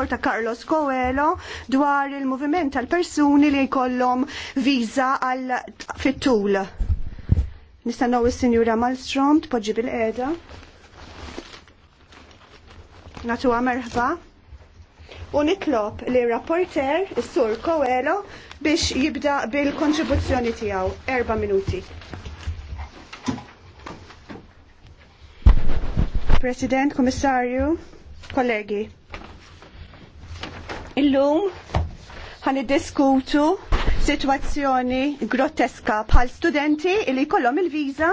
rapport ta' Carlos Coelho dwar il-moviment tal-persuni li jkollhom viża għal fit-tul. Nistennew is-Sinjura Malmstrom tpoġġi bil-qiegħda. Natuha merħba. U nitlob li rapporter is-Sur Coelho biex jibda bil-kontribuzzjoni tiegħu erba' minuti. President, Commissario, kollegi. Illum ħan diskutu situazzjoni groteska bħal studenti li kollhom il-viża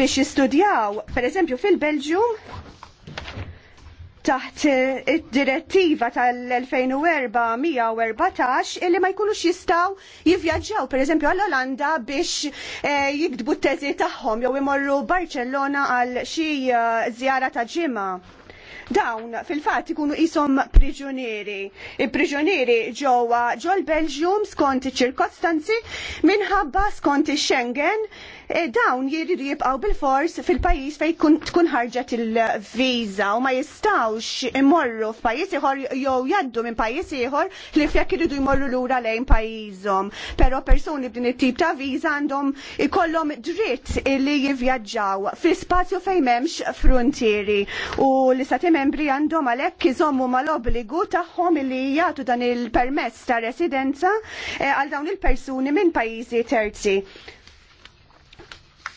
biex jistudjaw, per eżempju fil-Belġium, taħt id-direttiva 2014 114 illi ma jkunux jistaw jivvjaġġaw per eżempju għall-Olanda biex eh, jiktbu t-teżi tagħhom jew imorru Barcellona għal xi żjara eh, ta' ġimgħa. Dawn fil-fatt ikunu isom priġunieri. Il-priġunieri ġewwa ġol Belġium skont iċ-ċirkostanzi minħabba skont ix-Schengen Eh, dawn jiridu jibqaw bil-fors fil-pajis fej tkun ħarġet il-viza u ma jistawx imorru f'pajis ieħor jew jaddu minn pajis ieħor li fjek iridu jmorru lura lejn pajjiżhom. Però persuni b'din it-tip ta' viża għandhom ikollhom dritt li jivvjaġġaw fi spazju fejn m'hemmx frontieri u l-istati membri għandhom għalhekk iżommu mal-obbligu tagħhom li jagħtu dan il-permess ta' residenza eh, għal dawn il-persuni minn pajjiżi terzi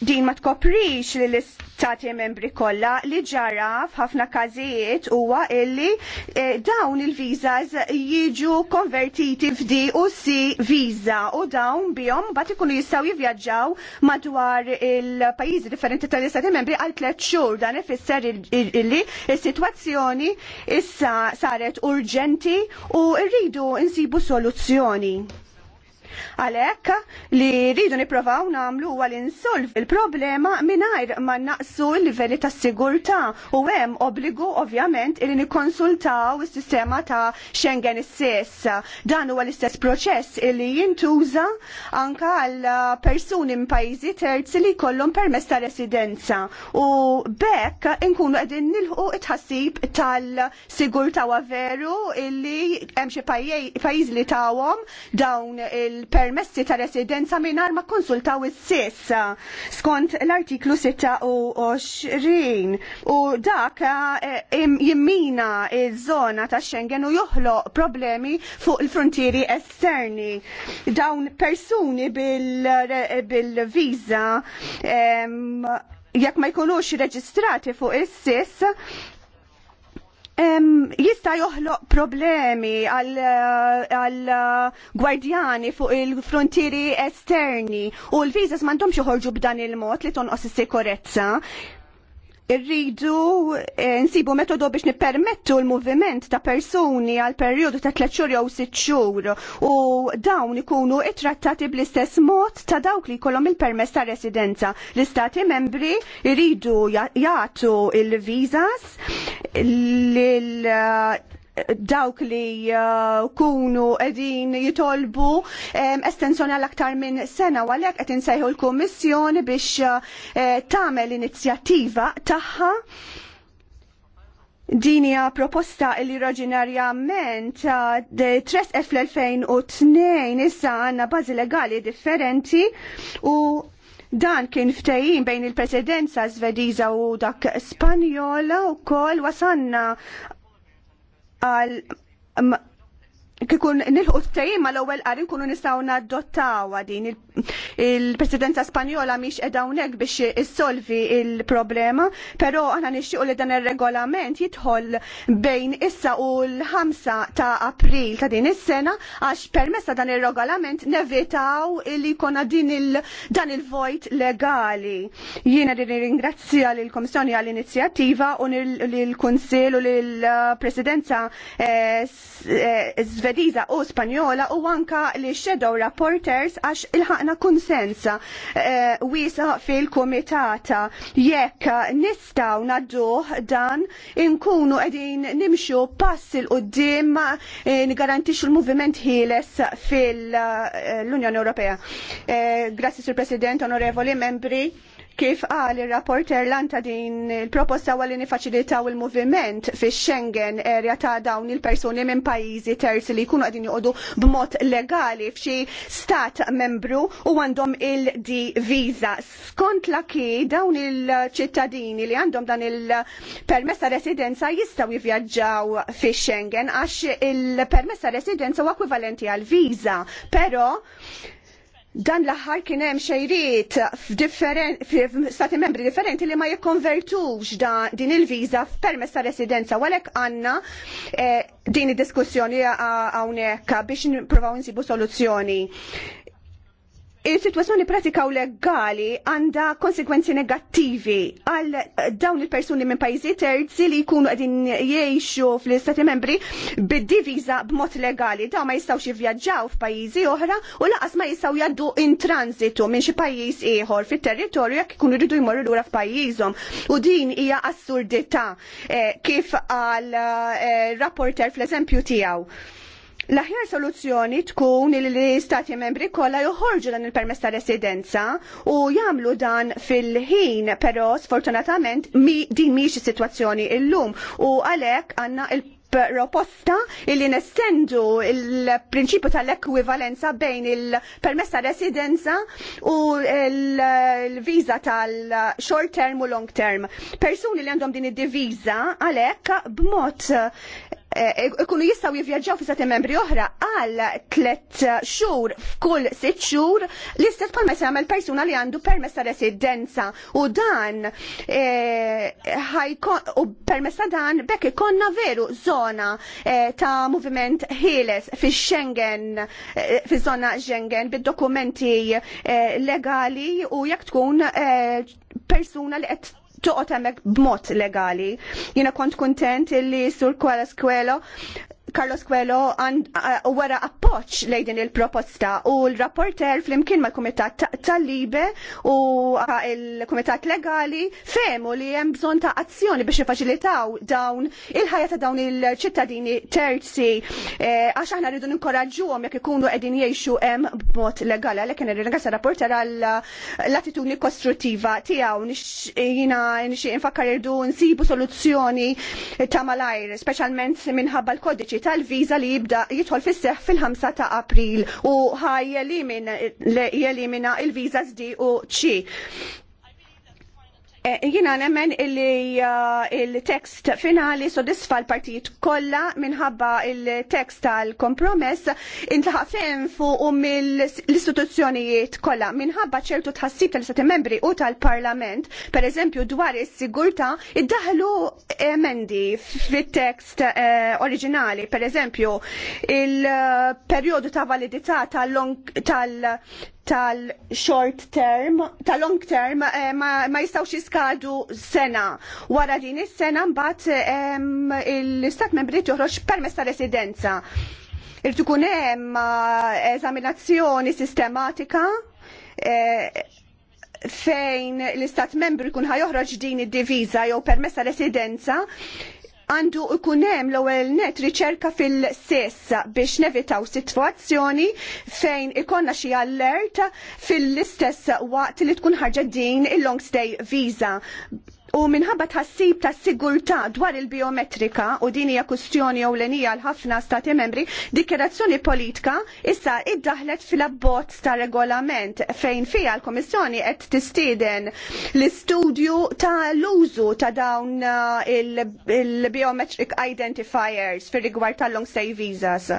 din ma tkoprix li l-istati membri kollha li ġara f'ħafna każijiet huwa illi eh, dawn il-vizas jiġu konvertiti f'di u si viza u dawn bihom bat ikunu jistgħu jivvjaġġaw madwar il-pajjiżi differenti tal-istati membri għal tliet xhur dan ifisser illi is-sitwazzjoni issa saret urġenti u rridu nsibu soluzzjoni. Għalhekk li rridu nipprovaw nagħmlu huwa li il-problema mingħajr ma naqsu l-livelli ta' sigurtà u hemm obbligu ovvjament li nikkonsultaw is-sistema ta' Schengen istess. Dan huwa l-istess proċess li jintuża anka għal persuni minn pajjiżi terzi li jkollhom permess ta' residenza u bekk inkunu qegħdin nilħu it-ħassib tal-sigurtà veru illi hemm xi pajjiż li tawhom dawn il- il-permessi ta' residenza mingħajr ma konsultaw is sess skont l-artiklu 26 u dak eh, jimmina il żona ta' Schengen u joħloq problemi fuq il-frontieri esterni. Dawn persuni bil visa bil jekk ma jkunux reġistrati fuq is sess jista joħloq problemi għal uh, gwardjani fuq il-frontieri esterni u l-vizas mandom joħorġu b'dan il-mod li tonqos is-sikurezza irridu eh, nsibu metodu biex nippermettu l-moviment ta' persuni għal periodu ta' 3 xhur jew 6 xhur u dawn ikunu ittrattati bl-istess mod ta' dawk li jkollhom il-permess ta' residenza. L-istati membri jridu jagħtu il-vizas lil eh, dawk li uh, kunu edin jitolbu estensjoni għal aktar minn sena u għalhekk qed insejħu l-Kummissjoni biex uh, eh, tagħmel inizjattiva tagħha Din hija proposta li uh, tres f l 2002 issa għandna bażi legali differenti u Dan kien ftehim bejn il-presidenza svediża u dak Spanjola u kol wasanna għal kikun nilħu t-tajim l ewwel qari nkunu nistaw naddottaw din il-presidenza spanjola miex edawnek biex issolvi il-problema, pero għana u li dan il-regolament jitħol bejn issa u l-5 ta' april ta' din is-sena għax permessa dan il-regolament nevitaw li kona din il dan il-vojt legali. Jiena li ringrazzja l-Komissjoni għall-inizjattiva u l-Kunsil u l-Presidenza eh, eh, Svedis Svediża u Spanjola u anka li shadow rapporters għax ilħaqna konsens eh, wiesa fil-komitata jekk nistaw nadduh dan inkunu qegħdin nimxu pass il qudiem eh, garantix l-moviment ħieles fil-Unjoni eh, Ewropea. Grazzi Sur President, onorevoli membri. Kif qal ir-rapporter lanta din il-proposta għalli nifaċilitaw il-moviment fi Schengen erja ta' dawn il-persuni minn pajjiżi terzi li jkunu qegħdin joqogħdu b'mod legali f'xi stat membru u għandhom il-di Skont la ki dawn il-ċittadini li għandhom dan il-permessa residenza jistgħu jivvjaġġaw fi Schengen għax il-permessa residenza huwa ekwivalenti għal viza, però dan l-aħħar kien hemm xejriet f'stati membri differenti li ma jikkonvertux din il-viża f'permess ta' residenza għalhekk għandna eh, din id-diskussjoni hawnhekk biex nippruvaw insibu soluzzjoni il-situazzjoni pratika u legali għanda konsekwenzi negattivi għal eh, dawn il-persuni minn pajjiżi terzi li jkunu qegħdin jgħixu fl-Istati Membri bid-diviża b'mod legali. Dawn ma jistgħux jivvjaġġaw f'pajjiżi oħra u laqas ma jistgħu jaddu in transitu minn xi pajjiż ieħor fit-territorju jekk ikunu jridu jmorru lura f'pajjiżhom. U din hija assurdità eh, kif għal eh, rapporter fl-eżempju tiegħu. L-aħjar soluzzjoni tkun li l-istati membri kollha joħorġu dan il-permess ta' residenza u jagħmlu dan fil-ħin, però sfortunatament mi din mhix is-sitwazzjoni illum u għalhekk għandna il proposta illi nestendu il-prinċipju tal-ekwivalenza bejn il-permess ta' residenza u l-viza tal-short term u long term. Persuni li għandhom din id diviza għalhekk b'mod Eh, e- ikunu jistaw jivvjaġġaw fi sati membri oħra għal tlet xhur f'kull sitt xhur l-istess palma jagħmel persuna li għandu permessa ta' residenza u dan eh, u permessa ta' dan bekk ikonna veru zona eh, ta' moviment ħieles fi Schengen fi zona Schengen bid-dokumenti legali u jekk tkun persuna li qed toqgħod hemmhekk b'mod legali. Jiena kont kuntent illi sur kwala skwelo Carlos Quello uh, wara appoċ lej din il-proposta u l-rapporter flimkien mal kumitat tal-Libe u il-Kumitat Legali femu li hemm bżonn ta' azzjoni biex jifaċilitaw dawn il-ħajja ta' dawn il-ċittadini terzi eh, għax aħna rridu ninkoraġġuhom jekk ikunu qegħdin jgħixu hemm b'mod legali għalhekk nirringrazzja rapporter għal l-attitudni kostruttiva tiegħu jiena nxie infakkar irdu nsibu soluzzjoni ta' malajr, speċjalment minħabba l-kodiċi tal-liġi tal-viża li jibda jidħol fis seħħ fil-5 ta' April u ħaj jelimina il viża D u C. Eh, jina nemmen illi eh, il-tekst finali sodisfa l-partijiet kolla minħabba il-tekst tal-kompromess intlaħa fejn fuq u mill istituzzjonijiet kolla minħabba ċertu tħassib tal-istati membri u tal-parlament per eżempju dwar is-sigurta iddaħlu emendi fit-tekst eh, oriġinali per eżempju il-periodu ta' validità tal-long tal tal-short term, tal-long term eh, ma, ma jistawx jiskadu sena. Wara din is-sena mbagħad l-istat membri toħroġ permess ta' residenza. Irid ikun hemm eh, eżaminazzjoni sistematika eh, fejn l-istat membru jkun ħajoħroġ din id-diviża jew permess ta' residenza għandu ikunem l ewwel net riċerka fil-sess biex nevitaw situazzjoni fejn ikonna xi allert fil-istess waqt li tkun ħarġa din il-long stay visa U minħabba tħassib ta' sigurtà dwar il-biometrika u din hija kustjoni ewlenija għal ħafna stati membri, dikjerazzjoni politika issa iddaħlet fil-abbozz ta' regolament fejn fija l-Komissjoni qed tistieden l-istudju ta' l-użu ta' dawn uh, il-biometric identifiers fir rigward tal-long stay visas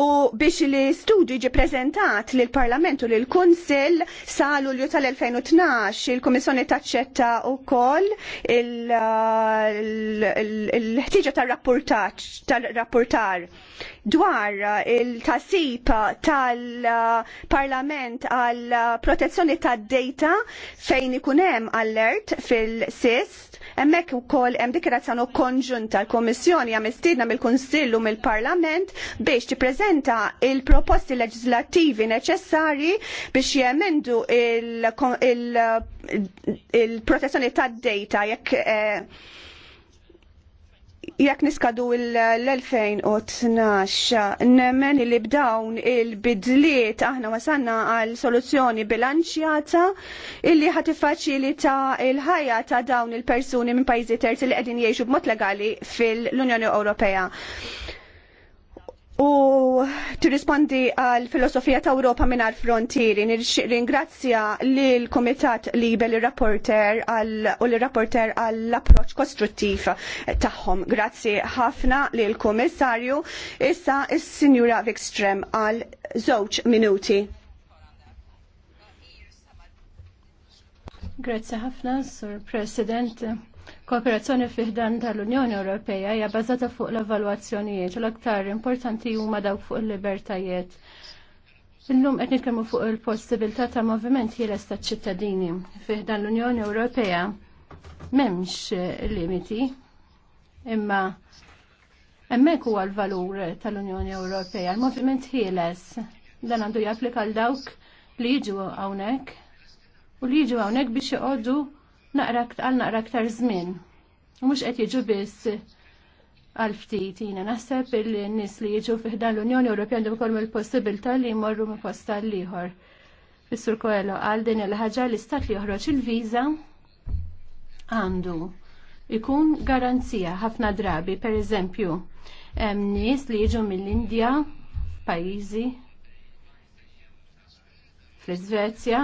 u biex li studju ġi prezentat lill parlamentu l kunsil salu l-ju tal-2012 il-Komissjoni taċċetta u koll il-ħtiġa uh, tal-rapportar dwar il-tasib tal-parlament għal protezzjoni tad-data fejn ikunem alert fil-sist Hemmhekk ukoll hemm dikrazzjoni konġunta l-Kommissjoni hemm mistiedna mill-Kunsill u mill-Parlament biex tippreżenta il-proposti leġislattivi neċessari biex jemendu il-protezzjoni il il tad-data jekk eh, jekk niskadu l-2012 nemmen li b'dawn il-bidliet aħna wasanna għal soluzzjoni bilanċjata illi li ta' il-ħajja ta' dawn il-persuni minn pajzi terzi li qegħdin jgħixu b'mod legali fil-Unjoni Ewropea u tirrispondi għal filosofija ta' Ewropa mingħajr frontieri. Ringrazzja l kumitat Libel il-rapporter u l-rapporter għall approċċ kostruttiv tagħhom. Grazzi ħafna l kummissarju Issa s sinjura Vikstrem għal żewġ minuti. Grazzi ħafna, Sur President. Kooperazzjoni fiħdan tal-Unjoni Ewropea hija bażata fuq l-evalwazzjonijiet u l-aktar importanti huma dawk fuq il-libertajiet. Illum qed nitkellmu fuq il-possibilità ta' moviment ħieles taċ-ċittadini fiħdan l-Unjoni Ewropea m'hemmx limiti imma hemmhekk huwa l-valur tal-Unjoni Ewropea. Il-moviment ħieles dan għandu japplika l dawk li jiġu hawnhekk u li jiġu hawnhekk biex joqogħdu naqra għal naqra aktar żmien. Mhux qed jiġu biss għal ftit jiena naħseb il-nies li jiġu fiħdan l-Unjoni Ewropea għandhom ukoll il-possibilità li jmorru ma' posta l ieħor. Fis-Sur Koelo għal din il-ħaġa li stat li joħroġ il-viża għandu ikun garanzija ħafna drabi, per eżempju, hemm nies li jiġu mill-Indja, pajjiżi, fl-Iżvezja,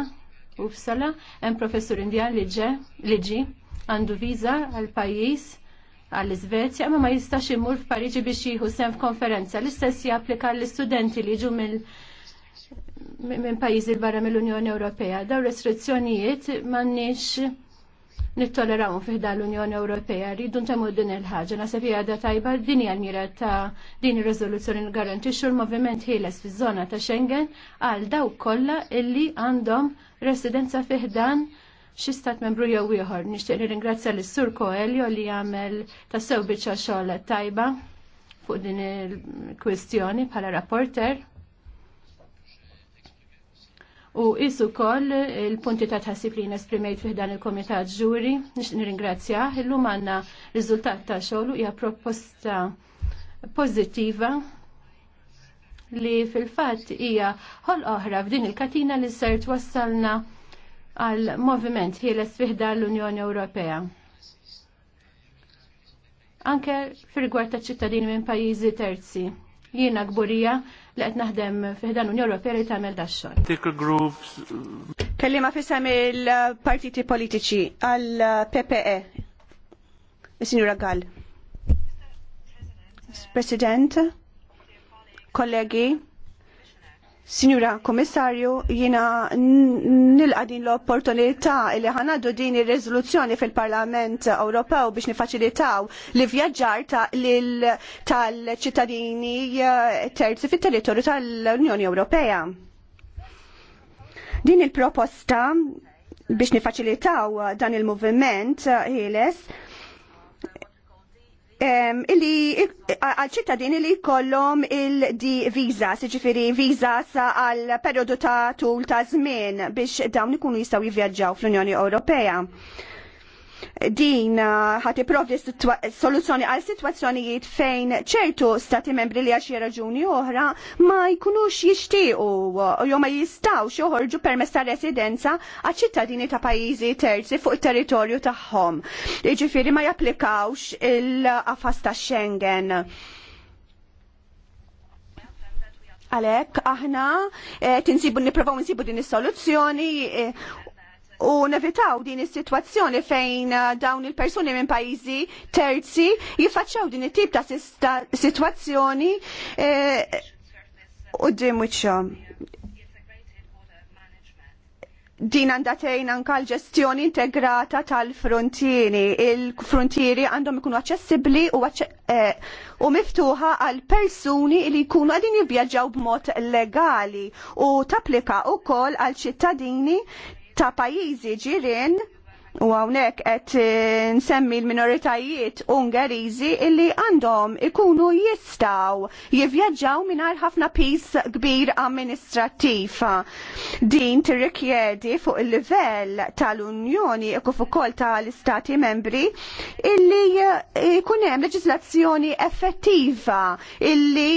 Uppsala, hemm professur Indjan li ġi għandu viża għal pajjiż għall iżvezja ma ma jistax imur f'Pariġi biex jieħu sem f'konferenza. L-istess japplika l-istudenti li ġu mill minn pajjiżi barra mill-Unjoni Ewropea. Daw restrizzjonijiet m'għandniex nittoleraw fih l-Unjoni Ewropea rridu ntemmu din il-ħaġa naħseb hija għadha tajba din hija ta' din ir-riżoluzzjoni ngarantixxu l-moviment ħieles fiż-żona ta' Schengen għal dawk kollha illi għandhom residenza fih dan xi stat membru jew ieħor. Nixtieq nirringrazzja lis sur Coelho li jagħmel tassew biċċa xogħol tajba fuq din il-kwistjoni bħala rapporter. U isu koll il-punti ta' tħassib li nesprimejt fih dan il-komitat ġuri, nix nirringrazzja, illum għanna riżultat ta' xogħol hija proposta pozittiva li fil-fatt hija ħol oħra f'din il-katina li sert twassalna għal moviment ħieles fiħda l-Unjoni Ewropea. Anke fil-gwar ta' ċittadini minn pajjiżi terzi. Jiena gburija li qed naħdem fiħdan Unjoni Ewropea li tagħmel daxxol. Uh, Kellima fisem il-partiti politiċi għal PPE. is Gall. President, kollegi, Signora Komissarju, jina nilqa din l-opportunità li ħanaddu din ir-riżoluzzjoni fil-Parlament Ewropew biex nifaċilitaw li vjaġġar tal-ċittadini eh, terzi fit-territorju tal-Unjoni Ewropea. Din il-proposta biex nifaċilitaw dan il-moviment ħieles eh, Um, illi għal ċittadini li kollom il-di viza, siġifiri viza sa għal periodu ta' tul ta' żmien biex dawn ikunu jistaw jivvjaġġaw fl-Unjoni Ewropea din eh, ħati provdi soluzzjoni għal situazzjonijiet fejn ċertu stati membri li għaxi raġuni oħra ma jkunux jishtiqu u eh, jew ma jistawx joħorġu permess ta' residenza għal ċittadini ta' pajjiżi terzi fuq it-territorju tagħhom. Jiġifieri ma japplikawx il-qafas ta' Schengen. Għalek, aħna eh, tinsibu niprofaw nsibu din is-soluzzjoni u nevitaw din is-sitwazzjoni fejn eh, dawn il-persuni minn pajjiżi terzi jiffaċċaw din it-tip ta' sitwazzjoni eh, u d din għandha tgħin anke l-ġestjoni integrata tal-frontieri. Il-frontieri għandhom ikunu aċċessibbli u, eh, u miftuħa għal persuni li jkunu qegħdin jivvjaġġaw b'mod legali u tapplika wkoll għal ċittadini ta' pajjiżi ġirien u għawnek għet eh, nsemmi l-minoritajiet ungerizi illi għandhom ikunu jistaw jivjaġġaw minar ħafna pis kbir amministrativ. Din tirrikjedi fuq il-livell tal-Unjoni u fuq kol tal-Istati membri illi eh, kunem leġislazzjoni effettiva illi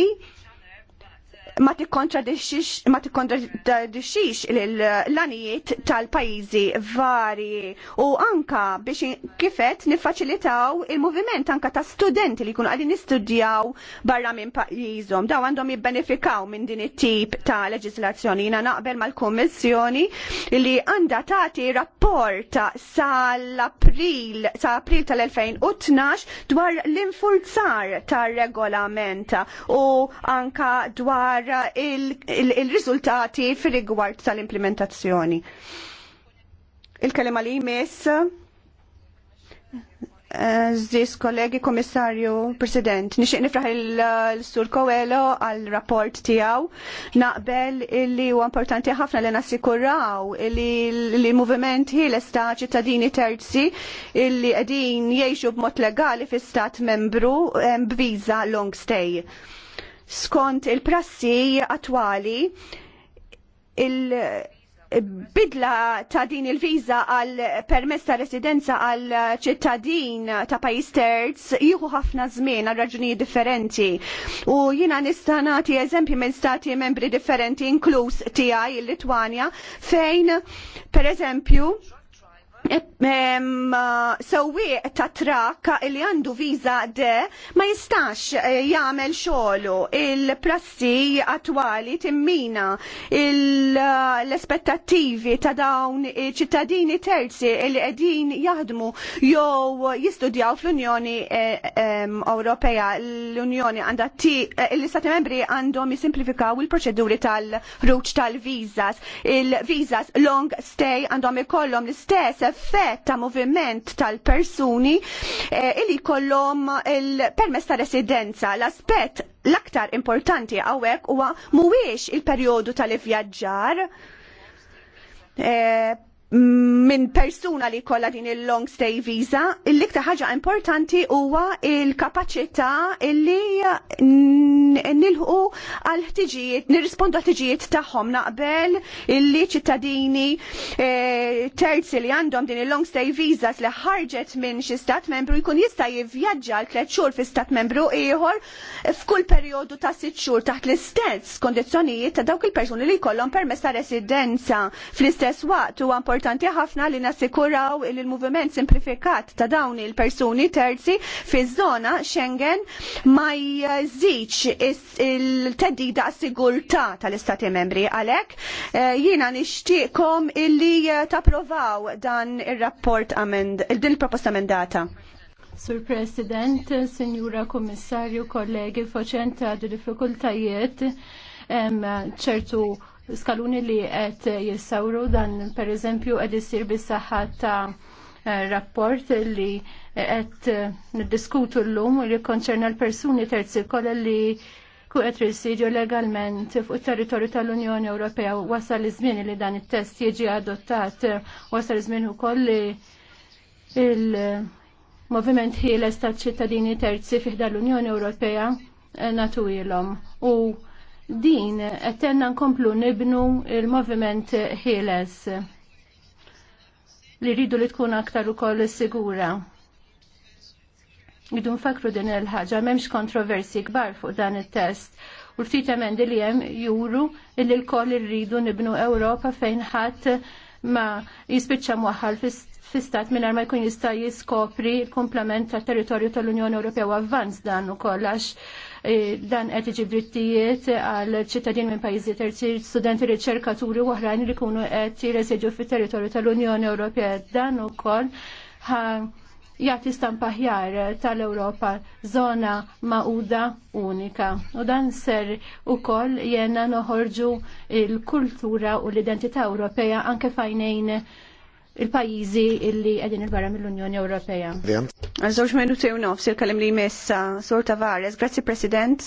ma tikkontradixxix l-lanijiet tal-pajjiżi vari u anka biex kifet niffaċilitaw il-moviment anka ta' studenti li jkunu għadin nistudjaw barra minn pajjiżhom. Daw għandhom jibbenefikaw minn din it-tip ta' leġislazzjoni. Jina naqbel mal-Kummissjoni li għandha tagħti rapport sal-April sa' April tal-2012 dwar l-infurzar tar regolamenta u anka dwar wara il rizultati il il rigward tal-implementazzjoni. Il-kelema li jmiss eh, Ziz kollegi, komissarju, president, nixiq nifraħ il-sur eh, Kowelo għal rapport tijaw. Naqbel illi u importanti ħafna li nasikuraw illi l hi l ta' ċittadini terzi illi għedin jiexu b'mod legali fi stat membru eh, b'viza long stay skont il-prassi attwali il- bidla ta' din il-viza għal permess ta' residenza għal ċittadin ta' pajis terz jieħu ħafna żmien għal raġunijiet differenti. U jiena nista' nagħti eżempji minn stati membri differenti inkluż tiegħi il-Litwanja fejn pereżempju sewwieq ta' trakk li għandu viza de ma jistax eh, jagħmel xogħlu il-prassi attwali timmina l-aspettattivi eh, ta' dawn ċittadini terzi li qegħdin jaħdmu jew jistudjaw fl-Unjoni eh, Ewropea l-Unjoni għandha l-istati membri għandhom jisimplifikaw il-proċeduri tal-ruċ tal-viżas. Il-viżas long stay għandhom ikollhom l-istess l-effett ta' moviment tal-persuni eh, illi kollom il-permess ta' residenza. L-aspett l-aktar importanti għawek huwa mhuwiex il-perjodu tal-ivvjaġġar. Eh, minn persuna li kolla din il-long stay visa, l-iktar ħaġa importanti huwa il-kapacità illi nilħu għal ħtiġijiet, nirrispondu għal ħtiġijiet tagħhom naqbel illi ċittadini eh, terzi li għandhom din il-long stay visa li ħarġet minn xi stat membru jkun jista' jivvjaġġa l tliet xhur fi stat membru ieħor f'kull perjodu ta' sitt xhur taħt l-istess kondizzjonijiet ta' dawk il-persuni li jkollhom permess ta' residenza fl-istess waqt huwa importanti ħafna li nassikuraw il il-moviment simplifikat ta' dawn il-persuni terzi fi żona Schengen ma jżidx il-teddida sigurta tal-Istati membri għalhekk eh, jiena nixtieqkom illi eh, taprovaw dan ir-rapport amend din il-proposta amendata. Sur President, Sinjura Kommissarju, kollegi, foċenta għadu diffikultajiet ċertu skaluni li qed jissawru dan pereżempju qed issir bis-saħħa ta' eh, rapport li qed niddiskutu llum li konċerna l-persuni terzi kollha li ku kuqet risidju legalment fuq it-territorju tal-Unjoni Ewropea wasal iż-żmien li dan it-test jiġi adottat wasal iż-żmien ukoll li il-moviment ħieles tal-ċittadini terzi fiħda l-Unjoni Ewropea eh, natu ilhom u din qed nkomplu nibnu il-moviment ħieles li rridu li tkun aktar ukoll sigura. Idu nfakru din il-ħaġa, memx kontroversi kbar fuq dan il-test. U ftit emendi li jem juru li l-koll irridu nibnu Ewropa fejn ħadd ma jispiċċa mwaħħal fistat minn ma jkun jista' jiskopri l-komplement tat territorju tal-Unjoni Ewropea u avvanz dan ukoll għax Eh, dan qed iġi drittijiet għal ċittadin minn pajjiżi terzi, studenti riċerkaturi u oħrajn li jkunu qed jirreżidu fit-territorju tal-Unjoni Ewropea dan ukoll jagħti stampa ħjar tal-Ewropa żona maquda unika. U dan ser ukoll jena noħorġu il-kultura u l-identità Ewropea anke fajnejn il-pajizi illi għedin il-barra mill-Unjoni Ewropea. Għazzoċ minuti u nofs il-kalim li jmessa, Sur Tavares, grazzi President.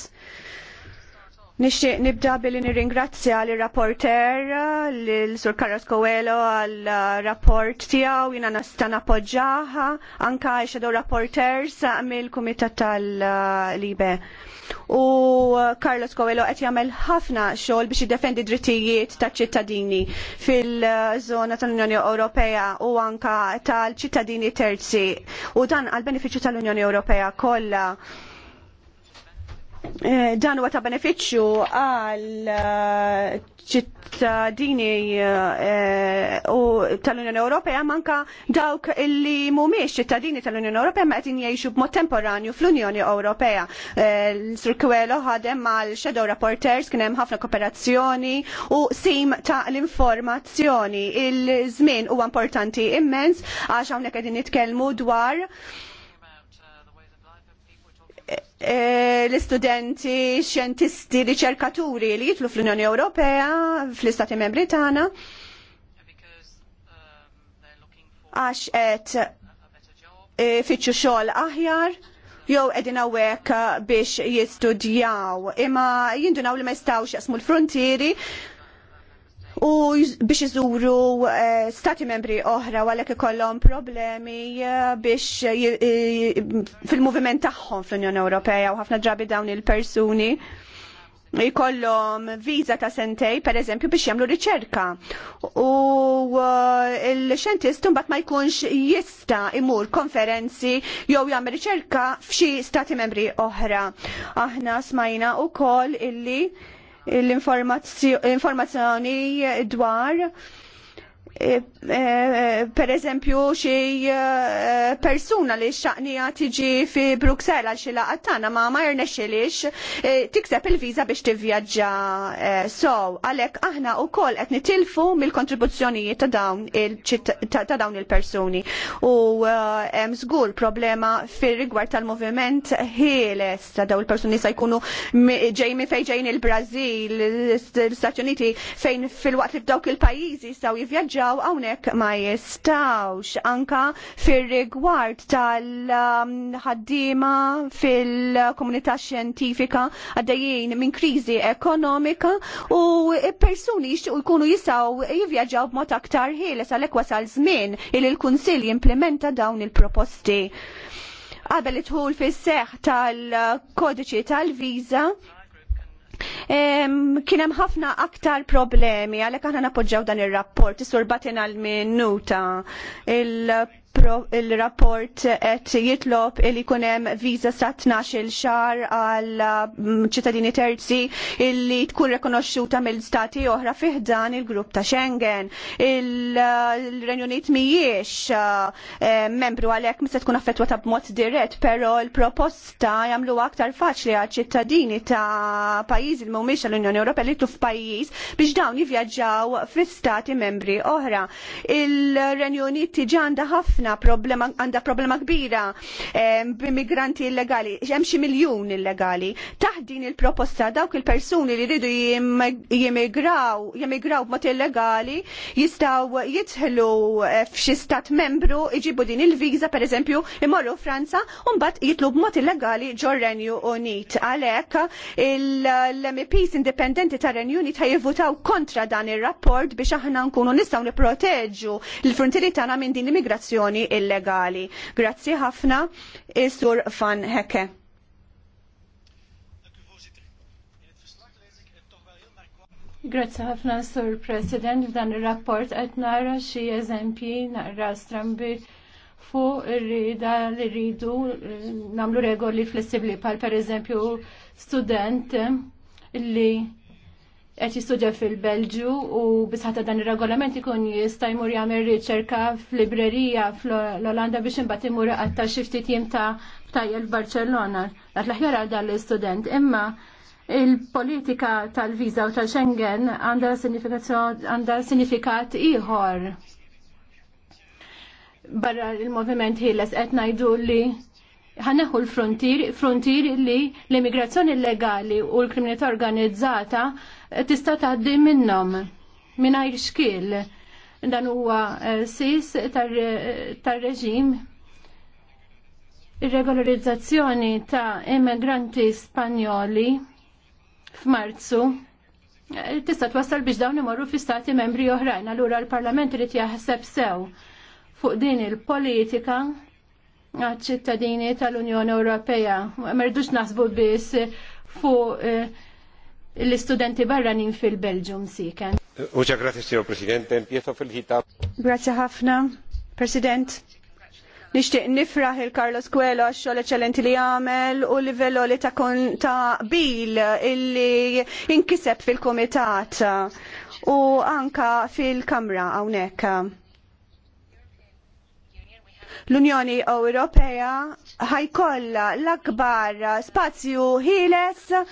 Nixtieq nibda billi nirringrazzja l rapporter lil Sur Carlos Coelho għal rapport tiegħu jiena nista' nappoġġjaha anke shadow rapporters mill-Kumitat tal-Libe u uh, Carlos Coelho qed jagħmel ħafna xogħol biex jiddefendi drittijiet taċ-ċittadini fil-żona tal-Unjoni Ewropea u anka tal-ċittadini terzi u dan għall benefiċċju tal-Unjoni Ewropea kollha Eh, dan huwa ta' benefiċċju għal eh, ċittadini eh, u tal-Unjoni Ewropea manka dawk illi mhumiex ċittadini tal-Unjoni Ewropea ma qegħdin jgħixu b'mod temporanju fl-Unjoni Ewropea. Sur Kwelo ħadem mal shadow rapporters kien hemm ħafna kooperazzjoni u sim ta' l-informazzjoni. Il-żmien huwa importanti immens għax hawnhekk qegħdin nitkellmu dwar Eh, l-istudenti, xjentisti, riċerkaturi li jitlu fl-Unjoni Ewropea, fl-Istati Membri tagħna. Għax qed ifittxu eh, xogħol aħjar jew qegħdin hawnhekk biex jistudjaw imma jindunaw li ma jistgħux jaqsmu l-frontieri u biex iżuru eh, stati membri oħra u għalhekk ikollhom problemi eh, biex fil-moviment tagħhom fl-Unjoni Ewropea u ħafna drabi dawn il-persuni jkollhom viża ta' sentej per eżempju biex jagħmlu riċerka. U eh, l-xjentist mbagħad ma jkunx jista' imur konferenzi jew jagħmel riċerka f'xi stati membri oħra. Aħna smajna wkoll illi l-informazzjoni dwar E, e, per eżempju xi e, persuna li xaqnija tiġi fi Bruxelles għal xi laqgħa tagħna ma ma jirnexxilix tikseb il-viża biex tivvjaġġa so għalhekk aħna wkoll qed nitilfu mill-kontribuzzjonijiet ta' dawn ta' dawn il-persuni u hemm żgur problema fir-rigward tal-moviment ħieles ta' dawn il-persuni se jkunu ġejmi fejn ġejjin il-Brażil, l-Istati Uniti fejn fil-waqt li f'dawk il-pajjiżi jistgħu jivvjaġġaw jirtiraw hawnhekk ma jistawx anka fir-rigward tal-ħaddiema um, fil-komunità xjentifika għaddejjin minn kriżi ekonomika u persuni u jkunu jisaw jivvjaġġaw b'mod aktar ħieles għalhekk wasal żmien il il-Kunsill jimplementa dawn il-proposti. Qabel it-tħul fis-seħħ tal-kodiċi tal-viża Kien hemm ħafna aktar problemi għalek aħna napoġġaw dan ir-rapport, is-sur Batina għal-minuta. il il-rapport qed jitlob li jkun hemm viża sa 12 xahar għal mm, ċittadini terzi illi tkun rekonoxxuta mill-stati oħra fih dan il-grupp ta' Schengen. Uh, Il-Renju Unit mhijiex uh, eh, membru għalhekk mista tkun affettwata b'mod dirett, però l-proposta jagħmlu aktar faċli għal ċittadini ta' pajjiżi li mhumiex għall unjoni Ewropea li jitlu f'pajjiż biex dawn jivvjaġġaw fi stati membri oħra. Il-Renju Unit tiġi għandha ħafna ħafna problema għandha problema kbira b'immigranti illegali, hemm xi miljun illegali. Taħdin il-proposta dawk il-persuni li jridu jimigraw, jimigraw b'mod illegali jistgħu jidħlu eh, f'xi stat membru iġibu din il-viża pereżempju imorru Franza u mbagħad jitlu b'mod illegali ġor-Renju Unit. Għalhekk l-MPs indipendenti tar-Renju Unit ħajjivvutaw kontra dan ir-rapport biex aħna nkunu nistgħu nipproteġu l-frontieri tagħna minn din l-immigrazzjoni immigrazzjoni illegali. Grazzi ħafna, Isur Van Heke. Grazzi ħafna, Sur President, f'dan ir rapport qed nara xi eżempji nara strambi fuq rrida li rridu eh, nagħmlu regoli flessibbli bħal pereżempju student li qed jistudja fil-Belġu u bisħata dan ir-regolament ikun jista' jmur jagħmel riċerka f'librerija fl-Olanda biex imbagħad imur għatta xi ftit jiem ta' tajjel Barcellona. Dak l-aħjar għal dan l-istudent. Imma il-politika tal-viża u tal-Schengen għandha għandha sinifikat ieħor. Barra il-moviment ħieles qed ngħidu li ħanneħu l-frontir, frontir li l-immigrazzjoni illegali u l-kriminalità organizzata tista' tgħaddi minnhom mingħajr xkiel dan huwa eh, sis tar-reġim ir-regolarizzazzjoni ta' immigranti Spanjoli f'Marzu eh, tista' twassal biex dawn imorru fi stati membri oħrajn. Allura l-Parlament irid jaħseb sew fuq din il-politika għad ċittadini tal-Unjoni Ewropea. Merdux naħsbu biss fuq eh, l-istudenti barranin fil-Belġum siken. Muchas gracias, signor Presidente. Empiezo felicitar. Grazie ħafna, President. Nishtiq nifraħ il-Carlos Kuelo għax l-eċellenti li għamel u livello li ta' kun ta' bil illi inkiseb fil-Kumitat u anka fil-Kamra hawnhekk. L-Unjoni Ewropea ħajkolla l-akbar spazju ħieles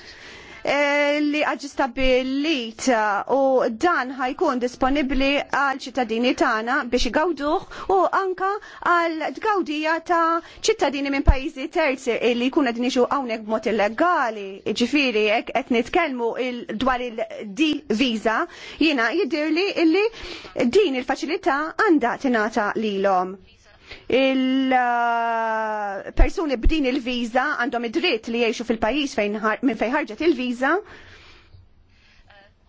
Eh, li għaġi stabilit eh, u dan ħajkun disponibli għal ċittadini tagħna biex igawduh u anka għal tgawdija ta' ċittadini minn pajjiżi terzi li jkunu qed niġu hawnhekk b'mod illegali. Ġifieri hekk qed nitkellmu dwar il-di visa jiena jidhirli illi din il-faċilità għandha tingħata lilhom il-persuni eh, b'din il-viza għandhom id-dritt li jiexu fil-pajis minn fejn ħarġet il-viza uh,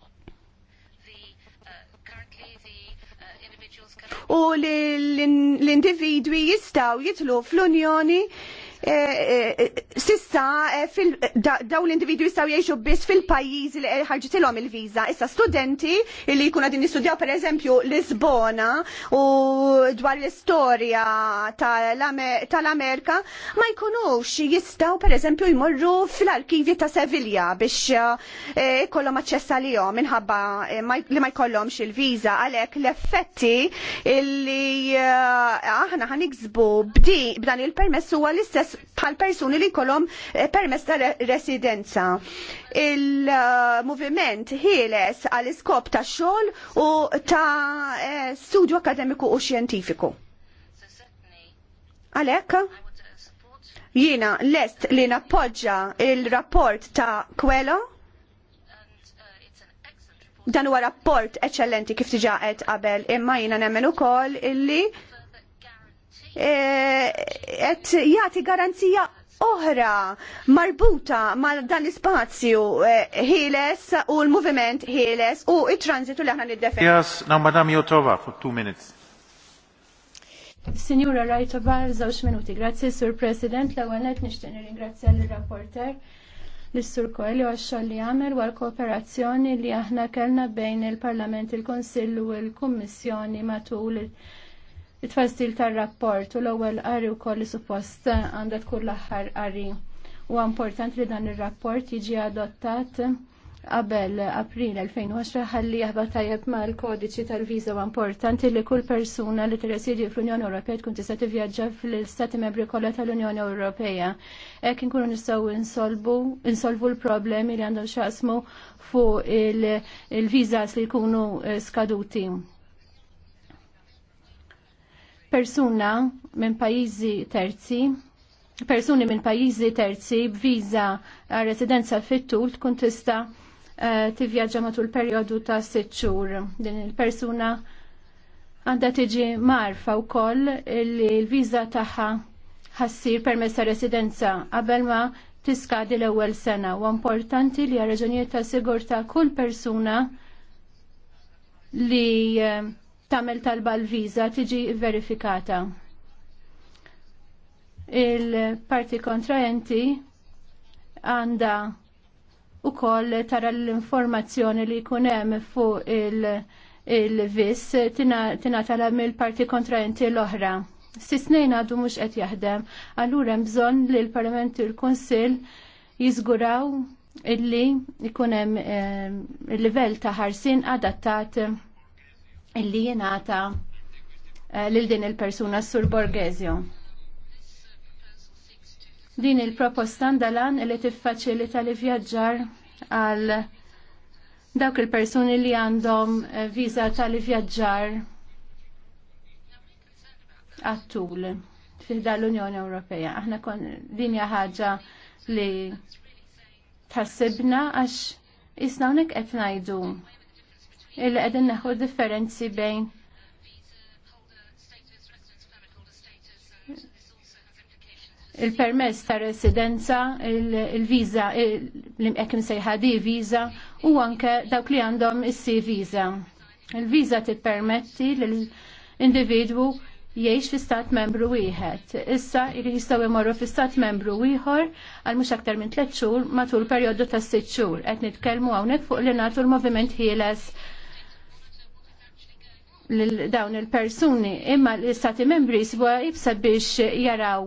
uh, uh, u l-individwi jistaw jitlu fl-Unjoni Eh, eh, sissa eh, daw l-individwi jistaw jiexu biss fil-pajjiżi li ħarġitilhom il-viża. Issa studenti li jkunu din jistudjaw pereżempju Lisbona u dwar l-istorja tal-Amerika ma jkunux jistaw pereżempju jmorru fil-arkivi ta' Sevilla biex ikollhom li jom minħabba li ma jkollhomx il-viża għalhekk l-effetti li aħna ħaniksbu b'dan il permessu huwa l-istess pal persuni li kolom eh, permess ta' residenza. Il-moviment ħieles għal iskop ta' xogħol u ta' eh, studju akademiku u xjentifiku. Għalhekk? Jiena lest li nappoġġa il-rapport ta' kwello? dan huwa rapport eċċellenti kif diġà qed qabel imma jiena nemmen ukoll illi qed eh, jagħti garanzija oħra marbuta ma' dan l-ispazju ħiles eh, u l-moviment ħieles u it-transitu li aħna niddefendu. Yes, now Madam Jotova for two minutes. Signora Rajtova, żewġ minuti. Grazzi, Sur President. L-ewwel qed nixtieq nirringrazzja l-rapporter l-Sur Koeli għax-xogħol li għamel għal kooperazzjoni li aħna kellna bejn il-Parlament, il-Konsill u l-Kummissjoni matul il it-tfassil tar-rapport u l-ewwel qari wkoll li suppost għandha tkun l-aħħar qari. Huwa importanti li dan ir-rapport jiġi adottat qabel April 2010 ħalli jaħba tajjeb mal kodiċi tal-viża huwa importanti li kull persuna li tirresidi fl-Unjoni Ewropea tkun tista' tivvjaġġa fl-Istati Membri kollha tal-Unjoni Ewropea. Hekk inkunu nistgħu insolvu l-problemi li għandhom x'jaqsmu fuq il-viżas li jkunu eh, skaduti persuna minn pajjiżi terzi persuni minn pajjiżi terzi b'viża eh, residenza fit-tul tkun tista' eh, tivvjaġġa matul perjodu ta' sitt xhur. Din il-persuna għandha tiġi marfa wkoll li l-viża tagħha ħassir permess ta' residenza qabel ma tiskadi l-ewwel sena. U importanti li għal raġunijiet ta' sigurta' kull persuna li eh, tamel talba l-viża tiġi verifikata. Il-parti kontraenti għandha koll tara l-informazzjoni li jkun hemm fuq il- vis tina tala mill-parti kontraenti l-oħra. Sisnejn għadu mux qed jaħdem, għallura bżon li l-Parlament u l-Konsil jizguraw illi ikunem il-livell eh, ta' ħarsin adattat illi jenata eh, lil din il-persuna Sur Borgesio. Din il-proposta ndalan li tiffaċilita li vjaġġar għal dawk il-persuni li għandhom eh, viza tal-vjaġġar għattul fiħda l-Unjoni Ewropea. Aħna kon dinja ħaġa li tħassibna għax isna unik qed ngħidu il qegħdin naħu differenzi bejn il-permess ta' residenza, il-viza, l-imqekim sejħadi viza u anke dawk li għandhom issi viza. Il-viza tippermetti l-individwu jiex fi stat membru wieħed. Issa jistgħu imorru fi stat membru ieħor għal mhux aktar minn tliet xhur matul perjodu ta' sitt xhur. Qed nitkellmu hawnhekk fuq li nagħtu l-moviment ħieles l-dawn il-persuni imma l-istati membri jiswa ibsa biex jaraw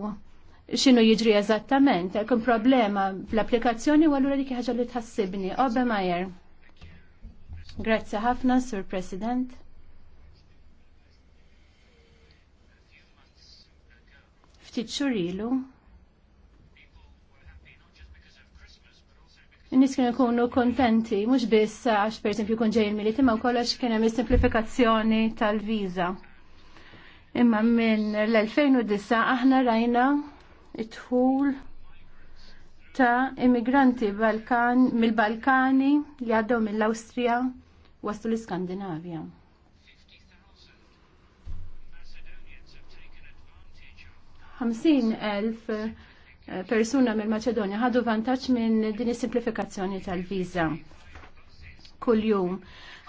xinu jiġri eżattament, kun problema fl-applikazzjoni u għallura dik ħaġa li tħassibni. Obe Majer. Grazzi ħafna, Sur President. Ftit xurilu. nis kienu kunu kontenti, mux biss għax per esempio kun ġejn militi ma kollox kien hemm simplifikazzjoni tal-viża. Imma minn l-2009 aħna rajna it-tħul ta' immigranti Balkan, mill-Balkani li għaddew mill-Awstrija waslu l-Iskandinavja. elf persuna mill maċedonja ħadu vantaġġ minn din is-simplifikazzjoni tal-viża. Kuljum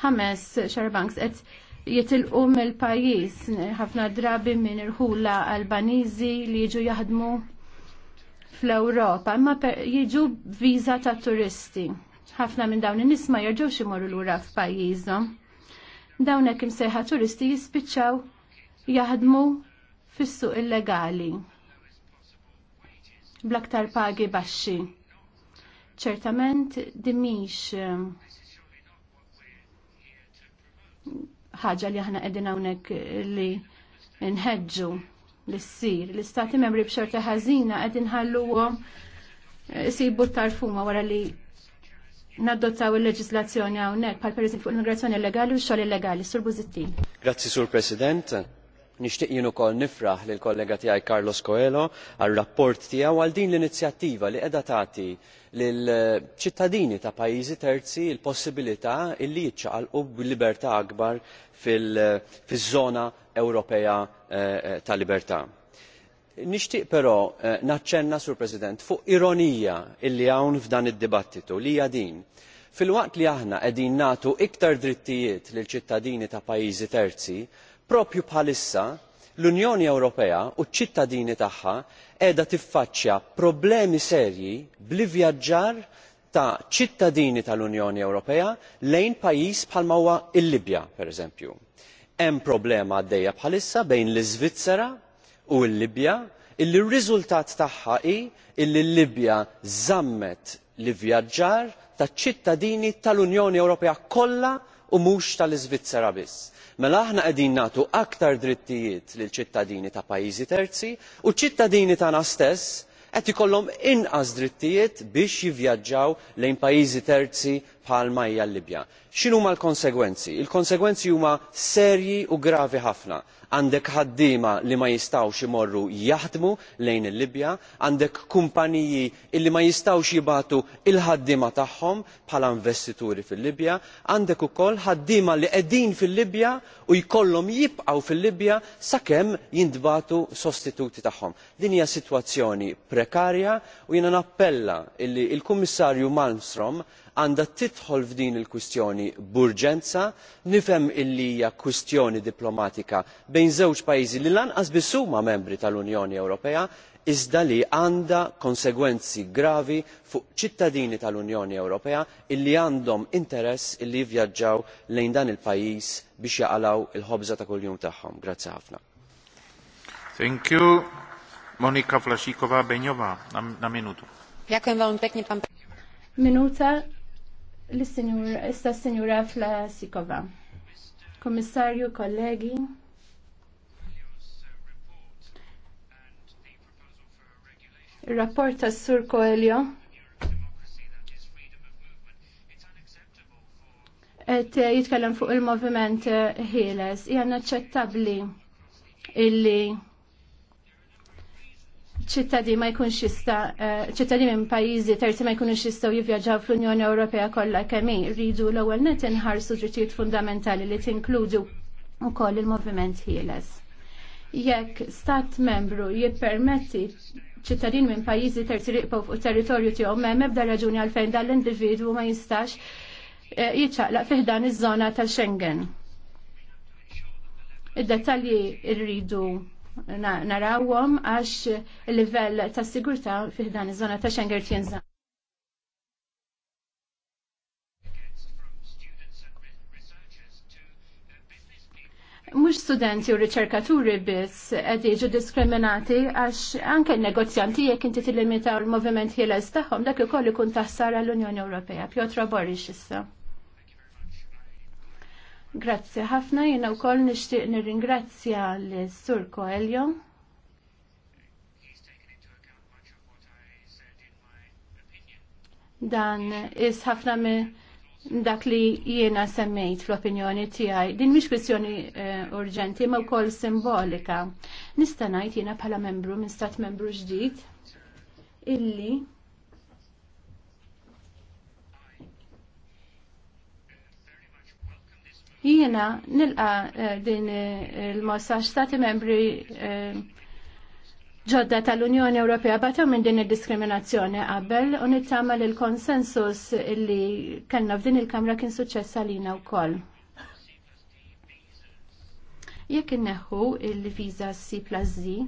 ħames xarbanks qed jitilqu mill-pajjiż ħafna drabi minn irħula Albaniżi li jiġu jaħdmu fl-Ewropa, imma jiġu viża ta' turisti. Ħafna minn dawn in-nies ma jerġgħux imorru lura f'pajjiżhom. Dawn hekk imsejħa turisti jispiċċaw jaħdmu fis-suq illegali blaktar pagi baxxi. Ċertament dimix eh, ħaġa li aħna qegħdin hawnhekk li nħeġġu li ssir. L-istati membri b'xorta ħażina qed inħalluhom isibu eh, t-tarfuma wara li naddottaw il-leġislazzjoni hawnhekk bħal pereżempju fuq immigrazzjoni illegali u x-xogħol illegali. Sur Bużittin. Grazzi Sur President nixtieq jien ukoll nifraħ lill kollega tiegħi carlos coelho għar-rapport tiegħu għal din l-inizjattiva li qiegħda tagħti lill ċittadini ta' pajjiżi terzi l possibilità li jiċċaqalqu b'libertà akbar fiż-żona ewropea eh, eh, ta' libertà. Nixtieq però eh, naċċenna sur President fuq ironija li hawn f'dan id-dibattitu li hija din filwaqt li aħna qegħdin nagħtu iktar drittijiet lill ċittadini ta' pajjiżi terzi proprju bħalissa l-unjoni ewropea u ċ-ċittadini tagħha qiegħda tiffaċċja problemi serji bl-ivvjaġġar ta' ċittadini tal-unjoni ewropea lejn pajjiż bħalma huwa l libja pereżempju. hemm problema għaddejja bħalissa bejn l-iżvizzera u l-libja illi r-riżultat tagħha hi li l-libja żammet l-ivvjaġġar taċ ċittadini tal-unjoni ewropea kollha u mhux tal-iżvizzera biss mela aħna qegħdin nagħtu aktar drittijiet lil ċittadini ta' pajjiżi terzi u ċittadini tagħna stess qed ikollhom inqas drittijiet biex jivvjaġġaw lejn pajjiżi terzi bħalma hija l-Libja. X'inhuma l-konsegwenzi? Il-konsegwenzi huma serji u gravi ħafna. Għandek ħaddiema li ma jistgħux imorru jaħdmu lejn il-Libja, għandek kumpaniji li ma jistgħux jibatu il-ħaddiema tagħhom bħala investituri fil-Libja, għandek ukoll ħaddiema li qegħdin fil-Libja u jkollhom jibqgħu fil-Libja sakemm jintbagħtu sostituti tagħhom. Din hija sitwazzjoni prekarja u jiena nappella illi il-Kummissarju Malmstrom għandha tidħol f'din il-kwistjoni b'urġenza nifhem illi hija kwistjoni diplomatika bejn żewġ pajjiżi li lanqas biss huma membri tal-unjoni ewropea iżda li għandha konsegwenzi gravi fuq ċittadini tal-unjoni ewropea illi għandhom interess illi jivvjaġġaw lejn dan il pajjiż biex jaqalgħu l ħobża ta' kuljum tagħhom. grazzi ħafna. Monika Flasikova Benjova na, minutu. Pan Minuta l-istess sinjura Flasikova. Komissarju, kollegi. Il-rapport tas Sur Coelho et jitkellem fuq il-moviment ħieles. Hija naċċettabbli illi ċittadin ma jkunx jista, eh, ċittadin minn pajjiżi terzi ma jkunux jistgħu jivvjaġġaw fl-Unjoni Ewropea kollha kemm rridu l-ewwel net inħarsu drittijiet fundamentali li tinkludu wkoll il-moviment ħieles. Jekk stat membru jippermetti ċittadin minn pajjiżi terzi riqpaw fuq territorju tiegħu m'hemm ebda raġuni għalfejn dal-individwu ma jistax eh, jiċċaqlaq fih dan iż-żona tal-Schengen. Id-dettalji rridu narawhom għax il-livell ta' sigurtà fih dan iż-żona ta' Schengen jinżamm. Mux studenti u riċerkaturi biss qed jiġu diskriminati għax anke n-negozjanti jekk inti tillimitaw il-moviment ħieles tagħhom dak ukoll ikun taħsara l-Unjoni Ewropea. Pjotra Borix issa. Grazzi ħafna jiena wkoll nixtieq nirringrazzja l sur Coelho. Dan is ħafna me dak li jiena semmejt fl-opinjoni tiegħi. Din mhix kwistjoni uh, urġenti ma wkoll simbolika. Nista' ngħid jiena bħala membru minn stat membru ġdid illi Jiena nilqa eh, din eh, il-mossa stati membri eh, ġodda tal-Unjoni Ewropea batew minn din id-diskriminazzjoni qabel u nittama li l-konsensus li kellna f'din il-Kamra kien suċċess għalina wkoll. Jekk inneħħu il-viża C plus Z,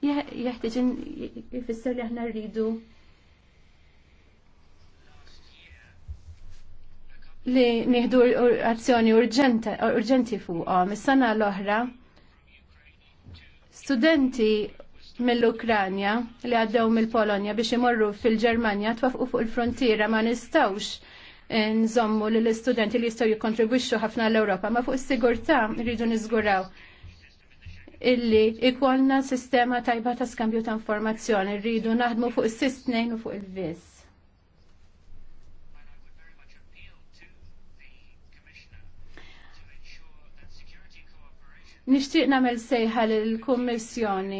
jeħtieġ jifisser li aħna rridu li nieħdu azzjoni urġenti fuqhom. Is-sena l-oħra studenti mill-Ukranja li għaddew mill-Polonja biex imorru fil-Ġermanja twaqqu fuq il-frontiera ma nistawx nżommu lil istudenti li jistgħu jikkontribwixxu ħafna l-Ewropa, ma fuq is-sigurtà rridu niżguraw illi ikolna sistema tajba ta' skambju ta' informazzjoni, rridu naħdmu fuq is-sistnejn u fuq il-vis. Nixtieq nagħmel sejħa l Kommissjoni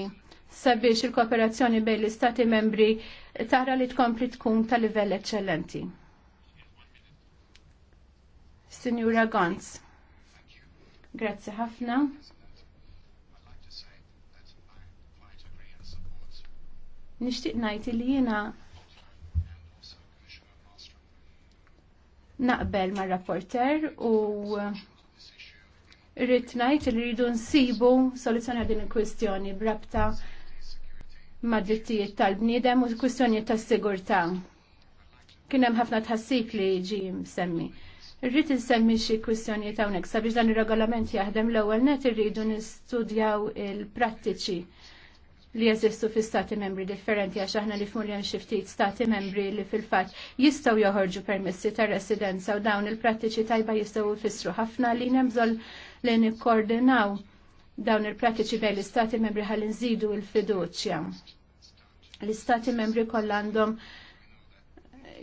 sabiex il-kooperazzjoni bejn l-Istati membri tara li tkompli tkun ta' livell eċċellenti. Signora Gons. Grazzi ħafna. nishtiq najt li jina naqbel ma' rapporter u irrid ngħid li rridu nsibu soluzzjoni għad din il-kwistjoni b'rabta mad drittijiet tal-bniedem u kwistjoni tas-sigurtà. Kien hemm ħafna tħassib li ġi msemmi. Irrid insemmi xi kwistjonijiet hawnhekk sabiex dan ir-regolament jaħdem l-ewwel net irridu nistudjaw il-prattiċi li jeżistu fi stati membri differenti għax aħna li fmur hemm xi ftit stati membri li fil-fatt jistgħu joħorġu permessi ta' residenza u dawn il-prattiċi tajba jistgħu jfissru ħafna li hemm bżonn li nikkoordinaw dawn il-pratiċi bejn l-istati membri ħalli nżidu l-fiduċja. L-istati membri kollha għandhom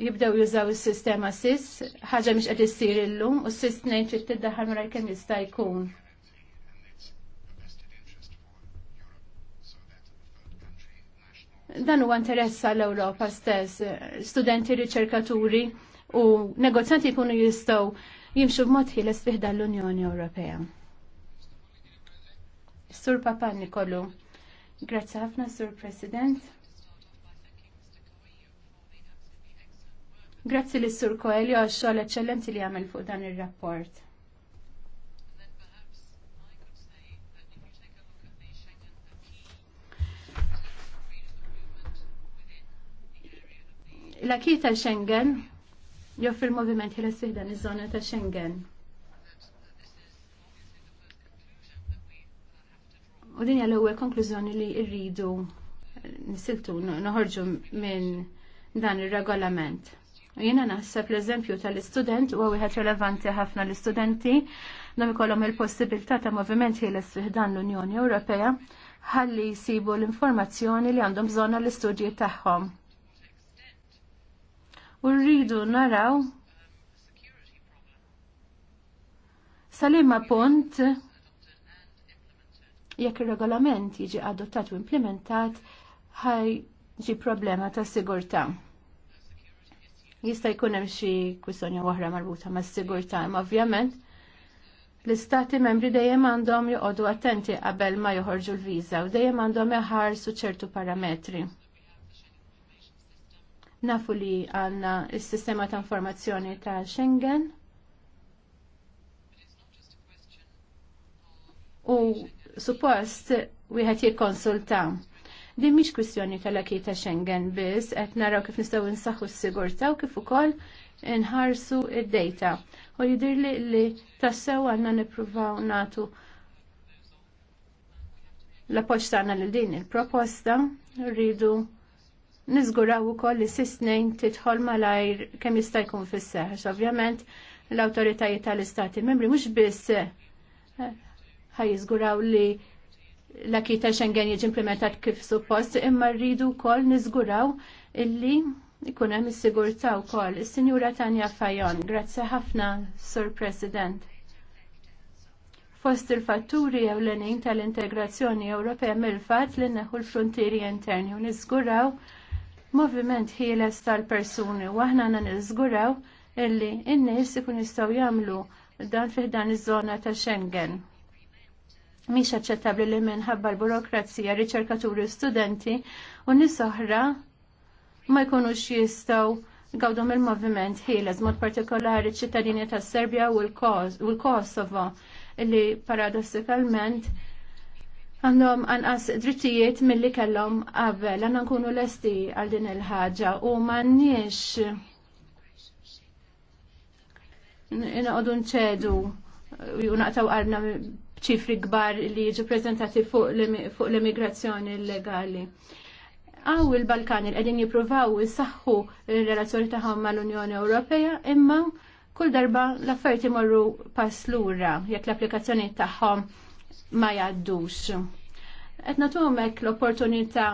jibdew jużaw is-sistema SIS, ħaġa miex qed issir illum u SIS tnejn trid tiddaħħal mara kemm jista' jkun. dan huwa interess għall ewropa stess, studenti, riċerkaturi u negozjanti jkunu jistgħu jimxu b'mod ħieles fiħda l-Unjoni Ewropea. Sur Papa Nikolu, grazzi ħafna Sur President. Grazzi li Sur Koelio għal xogħol eċċellenti li għamel fuq dan ir-rapport. l-akita Schengen joffri l-moviment s-sihda iż-żona ta' Schengen. U din l ewwel konklużjoni li rridu nisiltu noħorġu minn dan ir-regolament. U jiena naħseb l-eżempju tal-istudent u wieħed relevanti ħafna l-istudenti dom ikollhom il-possibilità ta' moviment ħieles fiħdan l-Unjoni Ewropea ħalli jsibu l-informazzjoni li għandhom bżonna l-istudji tagħhom u rridu naraw salima punt jekk ir-regolament jiġi adottat u implementat ħaj ġi problema ta' sigurtà. Jista' jkun hemm xi kwistjoni oħra marbuta mas sigurtà, imma ovvjament l-istati membri dejjem għandhom joqogħdu attenti qabel ma joħorġu l-viża u dejjem għandhom iħarsu ċertu parametri. Nafu li għanna il-sistema ta' informazzjoni ta' Schengen. U suppost wieħed jikkonsulta. Din mhix kwistjoni tal-aki ta' Schengen biss, qed naraw kif nistgħu nsaħħu s sigurta u kif ukoll inħarsu id-data. U jidir li li tassew għanna nipruvaw natu la poċtana l din il-proposta rridu Nizguraw ukoll li s-snejn titħol malajr kemm jista' jkun fis-seħħ. Ovvjament l-awtoritajiet tal-istati membri mhux biss eh, ħajjiżguraw li l akita xengen Schengen jiġi implementat kif suppost, imma rridu wkoll niżguraw illi ikun hemm is u wkoll. Is-Sinjura Tanja Fajon, grazzi ħafna, Sur President. Fost il-fatturi ewlenin tal-integrazzjoni Ewropea mill-fatt li neħu l-frontieri interni u nizguraw moviment ħieles tal-persuni u aħna għandna niżguraw illi n-nies ikun jistgħu jagħmlu dan fih dan iż-żona ta' Schengen. Mhix aċċettabbli li minħabba l-burokrazija, riċerkaturi u studenti u nies oħra ma jkunux jistgħu gawdu mill-moviment ħieles mod partikolari ċittadini tas-Serbja u l-Kosovo li paradossikalment għandhom anqas drittijiet milli kellhom qabel għandna nkunu lesti għal din il-ħaġa u m'għandniex inqogħdu nċedu u naqtaw qalbna ċifri kbar li jiġu prezentati fuq l-immigrazzjoni illegali għaw il-Balkani li għedin jipruvaw jisaxħu il-relazzjoni taħħom mal-Unjoni Ewropea imma kull darba l-affarijiet imorru pass lura jekk l-applikazzjoni tagħhom ma jaddux. Et natumek l-opportunità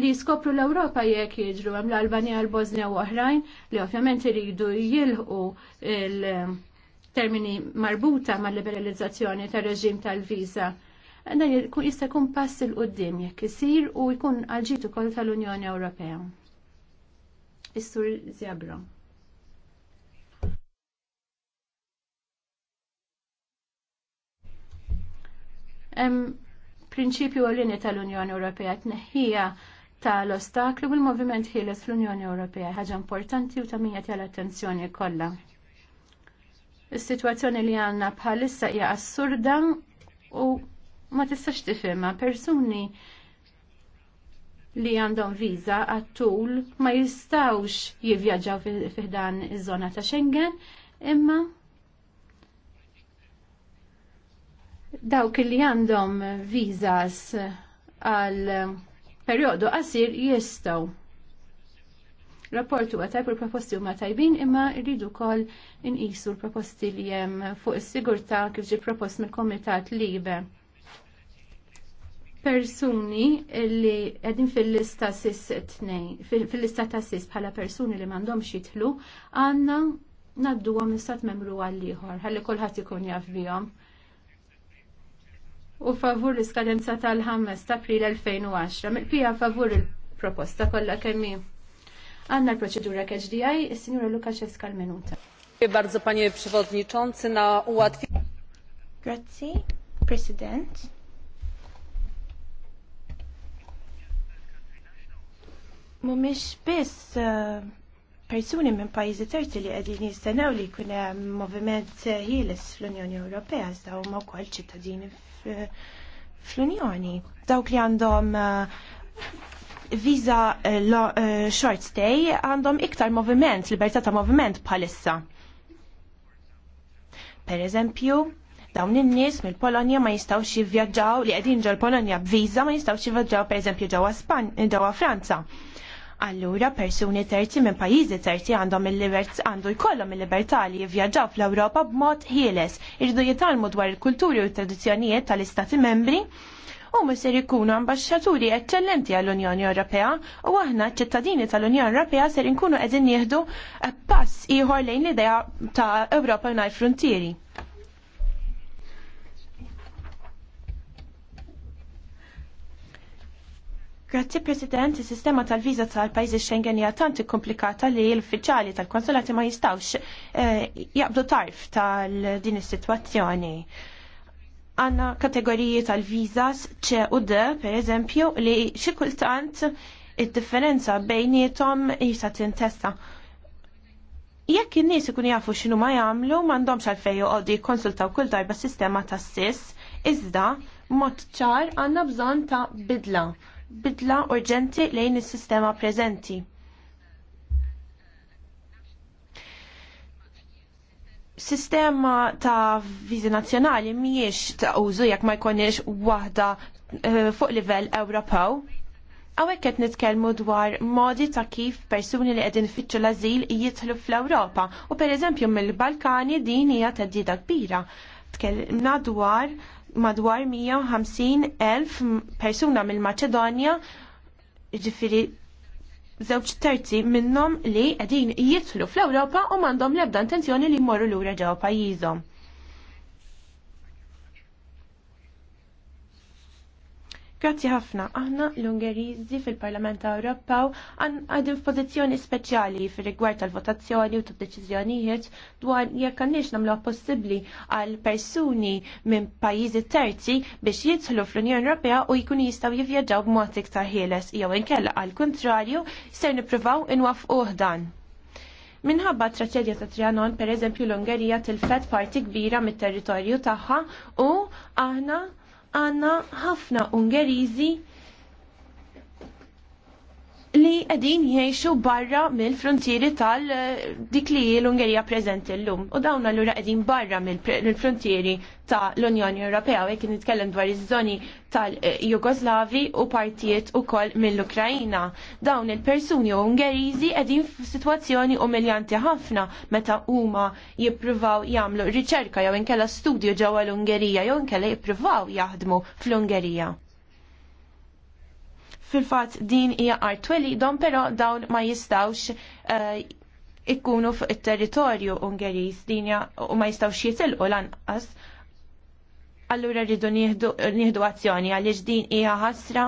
li skopru l-Europa jekk jidru hemm l albania l-Bosnia u oħrajn li ovvjament iridu jilħu il-termini marbuta mal-liberalizzazzjoni tar-reġim tal-viża dan jista' jkun pass il qudiem jekk isir u jkun għalġitu kol ukoll tal-Unjoni Ewropea. Istur sur hemm prinċipju għalini tal-Unjoni Ewropea tneħħija tal-ostakli u l-moviment ħieles fl-Unjoni Ewropea ħaġa importanti u tamija tal-attenzjoni kollha. Is-sitwazzjoni li għandna bħalissa hija assurda u ma tistax tifhimha persuni li għandhom viża għat-tul ma jistawx jivvjaġġaw fiħdan iż-żona ta' Schengen imma dawk li għandhom vizas għal periodu qasir jistgħu. Rapportu għataj pur proposti huma tajbin imma rridu kol inqisu l-proposti li hemm fuq is-sigurtà kif ġi propost mill-Komitat Libe. Persuni li qegħdin fil-lista sis fil-lista ta' sis bħala persuni li m'għandhomx xitlu għanna naddu għam l-istat membru għalliħor, ieħor ħalli kulħadd ikun jaf u favur l-iskadenza tal-5 ta' april 2010. Mil-pija favur il-proposta kolla kemmi. Għanna l-proċedura KHDI, il-Sinjura Lukaczewska l-minuta. Bardzo panie przewodniczący na ułatwienie. Grazie, President. Mumiex bis uh persuni minn pajjiżi terzi li qegħdin jistennew li jkun hemm moviment ħieles fl-Unjoni Ewropea iżda huma wkoll ċittadini fl-Unjoni. Dawk li għandhom eh, visa eh, eh, short stay għandhom iktar moviment, libertà ta' moviment bħalissa. Per eżempju, dawn in-nies mill-Polonja ma jistgħux jivvjaġġaw li qegħdin ġol Polonja b'viża ma jistgħux jivvjaġġaw pereżempju ġewwa Span ġewwa Franza Allura persuni terzi minn pajjiżi terzi għandhom il-libertà għandu jkollhom il-libertà li jivvjaġġaw fl-Ewropa b'mod ħieles, irdu jitalmu dwar il-kulturi u t-tradizzjonijiet tal-Istati membri u misir ikunu ambasċaturi eccellenti għall-Unjoni Ewropea u aħna ċittadini tal-Unjoni Ewropea ser inkunu qegħdin nieħdu pass ieħor lejn l-idea ta' Ewropa Unite Frontieri. Grazzi President, il-sistema tal-viza tal-pajzi Schengen hija tant komplikata li l-uffiċjali tal-konsulati ma jistawx eh, jaqbdu tarf tal-din is-sitwazzjoni. Għanna kategoriji tal-vizas ċe u d, per eżempju, li xi kultant id-differenza bejnietom jista' tintesta. Jekk in-nies ikun jafu x'inhu ma jagħmlu m'għandhomx għalfejn joqogħdu jikkonsultaw kull darba sistema tas-sis, iżda mod ċar għandna bżonn ta' bidla bidla urġenti lejn is-sistema preżenti. sistema ta' viżi nazzjonali mhijiex ta' użu jekk ma jkunx waħda eh, fuq livell Ewropew. Hawnhekk qed nitkellmu dwar modi ta' kif persuni li qegħdin fitxu l ażil jidħlu fl-Ewropa u pereżempju mill-Balkani din hija teddida kbira. Tkellimna dwar madwar 150.000 elf persuna mill-Maċedonja ġifiri żewġ terzi minnhom li qegħdin jitlu fl-Ewropa u m'għandhom l-ebda intenzjoni li jmorru lura ġewwa pajjiżhom. Grazzi ħafna, aħna l-Ungerizi fil-Parlament Ewropew għadin f'pożizzjoni speċjali fir rigward tal-votazzjoni u tad-deċiżjonijiet dwar jekk għanniex nagħmluha possibbli għal persuni minn pajjiżi terzi biex jidħlu fl-Unjoni Ewropea u jkunu jistgħu jivvjaġġaw b'mod iktar ħieles jew inkella għal kontrarju ser nippruvaw inwaffquh dan. Minħabba traċedja ta' Trianon, per eżempju, l-Ungerija tilfet parti kbira mit-territorju tagħha u aħna għanna ħafna Ungeriżi qegħdin jgħixu barra mill-frontieri tal eh, dik li l-Ungerija preżenti llum u dawn allura qegħdin barra mill-frontieri ta' l-Unjoni Ewropea u jekk nitkellem dwar iż-żoni tal-Jugoslavi eh, u partijiet kol mill-Ukrajina. Dawn il-persuni Ungeriżi qegħdin f'sitwazzjoni umiljanti ħafna meta huma jippruvaw jagħmlu riċerka jew inkella studju ġewwa l-Ungerija jew inkella jippruvaw jaħdmu fl-Ungerija fil-fatt din hija art twelidhom, però dawn ma jistawx uh, ikkunu fuq it-territorju Ungeriż din u ma jistawx jitilqu lanqas. Allura rridu nieħdu azzjoni għaliex din hija ħasra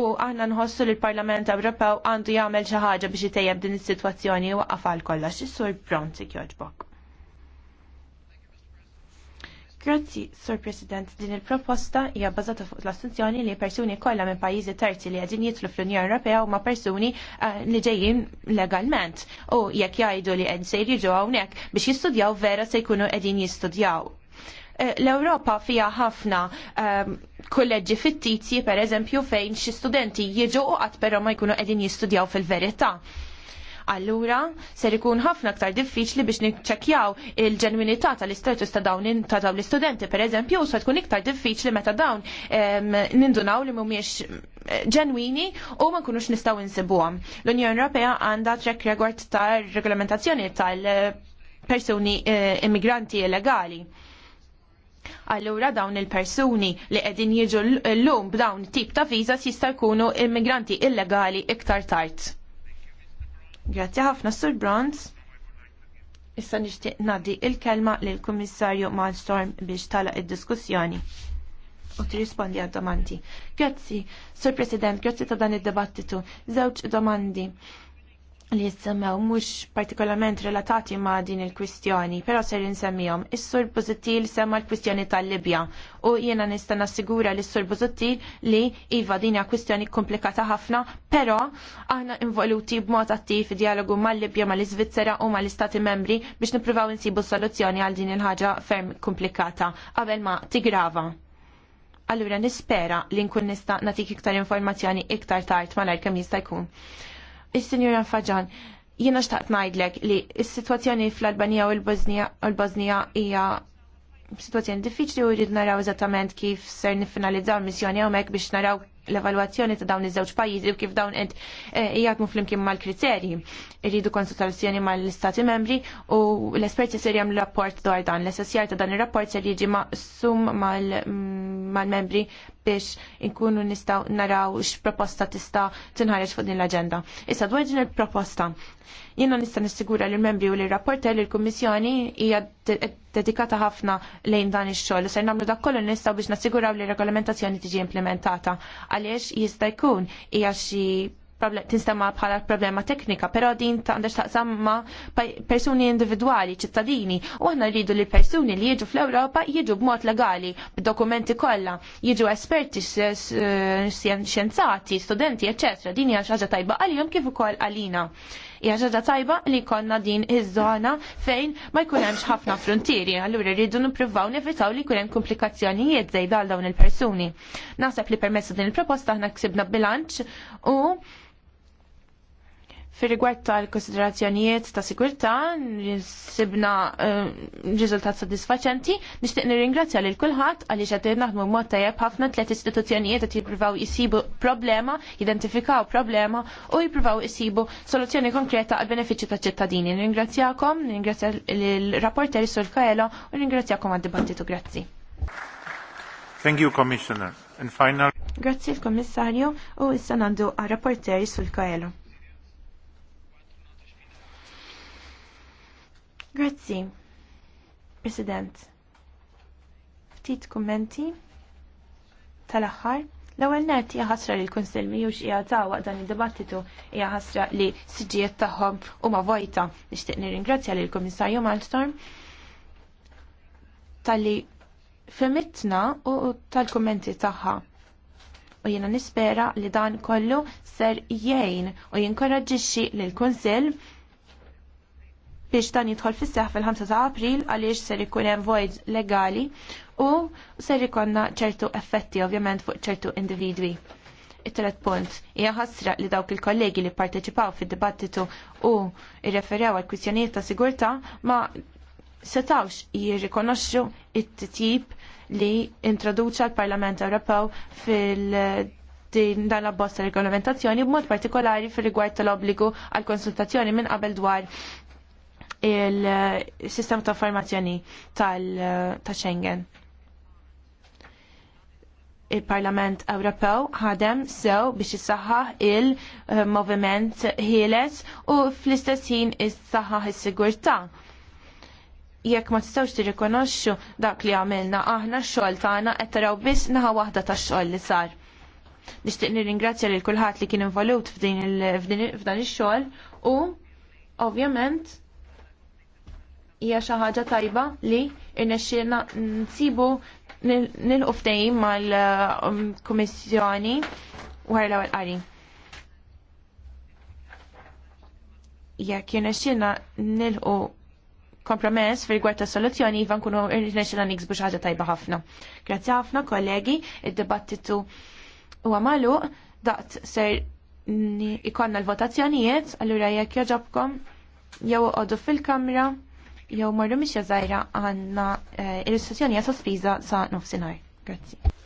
u aħna nħossu li l-Parlament Ewropew għandu jagħmel xi ħaġa biex itejjeb din is-sitwazzjoni u waqqaf għal kollox. Is-sur jogħġbok. Grazzi, Sir President, din il-proposta hija bbażata fuq l-assunzjoni li persuni kollha minn pajjiżi terzi li qegħdin jitlu fl-Unjoni Ewropea huma persuni eh, li ġejjin legalment u jekk jgħidu li qed se jiġu hawnhekk biex jistudjaw vera se jkunu qegħdin jistudjaw. Eh, L-Ewropa fija ħafna eh, kolleġġi fittizji, per eżempju, fejn xi studenti jiġu u qatt però ma jkunu qegħdin jistudjaw fil-verità allura ser ikun ħafna aktar diffiċli biex niċċekjaw il-ġenwinità tal-istatus ta' dawn ta' dawn l-istudenti, per eżempju, u tkun iktar diffiċli meta dawn nindunaw li mhumiex eh, ġenwini u ma nkunux nistgħu insibuhom. L-Unjoni Ewropea għandha track record ta' regolamentazzjoni tal-persuni eh, immigranti illegali. Allura dawn il-persuni li qegħdin jiġu l-lum b'dawn tip ta' viżas jista' jkunu immigranti illegali iktar tard. Grazzi ħafna Sur Bronze. Issa nixtieq ngħaddi il-kelma lill kummissarju Malstorm biex tala id-diskussjoni u tirrispondi għad domandi. Grazzi, Sur President, grazzi ta' dan id-dibattitu. Żewġ domandi li jissemmew mhux partikolarment relatati ma' din il-kwistjoni, però ser insemmihom. Is-Sur Busuttil semma l-kwistjoni tal-Libja u jiena nista' nassigura li s-Sur Busuttil li iva din hija kwistjoni komplikata ħafna, però aħna involuti b'mod attiv dialogu mal-Libja, mal-Iżvizzera u mal-Istati Membri biex nippruvaw insibu soluzzjoni għal din il-ħaġa ferm komplikata qabel ma tigrava. Allura nispera li nkun nista' nagħtik iktar informazzjoni iktar tard malajr kemm jista' jkun. Is-Sinjura Faġan, jiena xtaqt ngħidlek li s-sitwazzjoni fl albania u l bosnia hija situazzjoni diffiċli u jrid naraw eżattament kif ser nifinalizzaw missjoni hawnhekk biex naraw l-evalwazzjoni ta' dawn iż-żewġ pajjiżi u kif dawn qed eh, jgħatmu flimkien mal-kriterji. Irridu konsultazzjoni mal-Istati membri u l-esperti ser jagħmlu rapport dwar dan. L-essenzjal ta' dan ir-rapport ser jiġi maqsum mm, mal-membri biex inkunu nistgħu naraw x'proposta tista' tinħareġ fuq din l-aġenda. Issa dwar din il-proposta. Jiena nista' nissigura lill membri u l rapporter li l-Kummissjoni hija dedikata ħafna lejn dan ix-xogħol u ser nagħmlu dak kollu nistgħu biex nassiguraw li r regolamentazzjoni tiġi implementata għaliex jista' jkun hija xi tinstema bħala problema teknika, pero din ta' għandax ta' samma persuni individuali, ċittadini, u għanna rridu li persuni li jiġu fl-Europa jiġu b'mod legali, b'dokumenti kollha, jiġu esperti, xjenzati, studenti, eccetera, din hija xi ħaġa tajba għalihom kif ukoll għalina. Hija ġodda tajba li konna din iż-żona fejn ma jkun hemmx ħafna frontieri, allura rridu nippruvaw nevitaw li jkun hemm komplikazzjonijiet żejda għal dawn il-persuni. Naħseb li permezz din il-proposta aħna ksibna bilanċ u Fir rigward tal-konsiderazzjonijiet ta' sigurtà, sibna eh, riżultat soddisfaċenti, nixtieq nirringrazzja lil kulħadd għaliex qed naħdmu mod tajjeb ħafna tliet istituzzjonijiet qed jippruvaw jisibu problema, jidentifikaw problema u jippruvaw jisibu soluzzjoni konkreta għal benefiċċju taċ-ċittadini. Nirringrazzjakom, nirringrazzja l-rapporteri Sur Kaelo u nirringrazzjakom għad-dibattitu. Grazzi. Thank you, Commissioner. And final... Grazzi l-Kommissarju u issa nandu għal rapporteri Sul Kaelo. Grazzi, President. Ftit kommenti tal-aħħar. L-ewwel nett hija ħasra li l-Kunsill mhijiex hija waqt dan id-dibattitu hija ħasra li siġijiet tagħhom huma vojta. Nixtieq nirringrazzja lil Kummissarju Malmstrom. tal-li femitna u tal-kummenti tagħha. U jiena nispera li dan kollu ser jgħin u jinkoraġġixxi lil Kunsill biex dan jidħol fis seħħ fil-5 ta' April għaliex ser ikun hemm void legali u ser ikonna ċertu effetti ovvjament fuq ċertu individwi. It-tret punt hija ħasra li dawk il-kollegi li parteċipaw fid-dibattitu u irreferjaw għal kwistjonijiet ta' sigurtà ma setawx jirrikonoxxu it-tip li introduċa l-Parlament Ewropew fil- din dan l-abbozza regolamentazzjoni b'mod partikolari fil rigward tal-obbligu għal konsultazzjoni minn qabel dwar il-sistema ta' formazzjoni ta' schengen Il-Parlament Ewropew ħadem sew biex issaħħaħ il-moviment ħieles u fl-istess ħin issaħħaħ is-sigurtà jekk ma tistgħux tirrikonoxxu dak li għamilna aħna x-xogħol tagħna qed taraw biss naħa waħda tax-xogħol li sar. Nixtieq nirringrazzja lil kulħadd li kien involut f'dan ix-xogħol u ovvjament hija xi ħaġa tajba li rnexxielna nsibu nilqu ftehim mal-Kummissjoni wara l-ewwel qari. Jekk irnexxielna nilqu kompromess fil gwerta soluzzjoni iva nkunu irnexxielna niksbu xi ħaġa tajba ħafna. Grazzi ħafna kollegi, id-dibattitu huwa magħluq daqt ser ikonna l-votazzjonijiet, allura jekk joġobkom jew għodu fil-kamra jew marru mixja żgħira għandna eh, il istazzjoni hija sa nofsinhar. Grazie.